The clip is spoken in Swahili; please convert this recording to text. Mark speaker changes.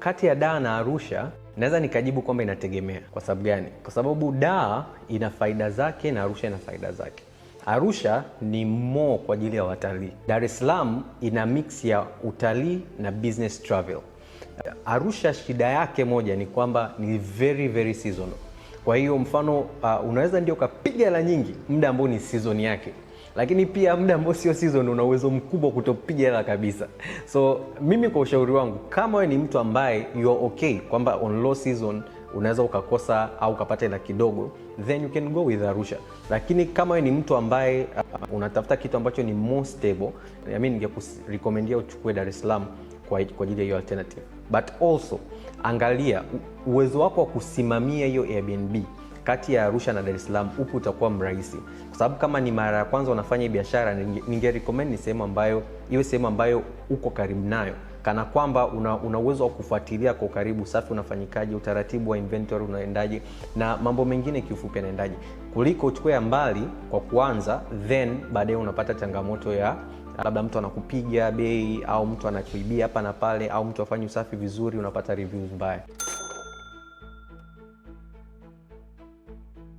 Speaker 1: kati ya Dar na Arusha naweza nikajibu kwamba inategemea. Kwa sababu gani? Kwa sababu Dar ina faida zake na Arusha ina faida zake. Arusha ni mo kwa ajili ya watalii. Dar es Salaam ina mix ya utalii na business travel. Arusha shida yake moja ni kwamba ni very very seasonal. Kwa hiyo mfano uh, unaweza ndio ukapiga hela nyingi muda ambao ni season yake, lakini pia muda ambao sio season una uwezo mkubwa kutopiga hela kabisa. So mimi kwa ushauri wangu, kama wewe ni mtu ambaye you are okay kwamba on low season unaweza ukakosa au ukapata hela kidogo, then you can go with Arusha. Lakini kama wewe ni mtu ambaye uh, unatafuta kitu ambacho ni more stable, I mean ningekurekomendia uchukue Dar es Salaam kwa ajili ya hiyo alternative, but also angalia uwezo wako wa kusimamia hiyo Airbnb kati ya Arusha na Dar es Salaam upo utakuwa mrahisi, kwa sababu kama ni mara ya kwanza unafanya biashara, ninge ni sehemu ambayo iwe sehemu ambayo uko karibu nayo, kana kwamba una uwezo wa kufuatilia kwa karibu safi unafanyikaje, utaratibu wa inventory unaendaje, na mambo mengine kiufupi yanaendaje, kuliko uchukue ya mbali kwa kuanza, then baadaye unapata changamoto ya labda mtu anakupiga bei au mtu anakuibia hapa na pale au mtu afanye usafi vizuri, unapata reviews mbaya.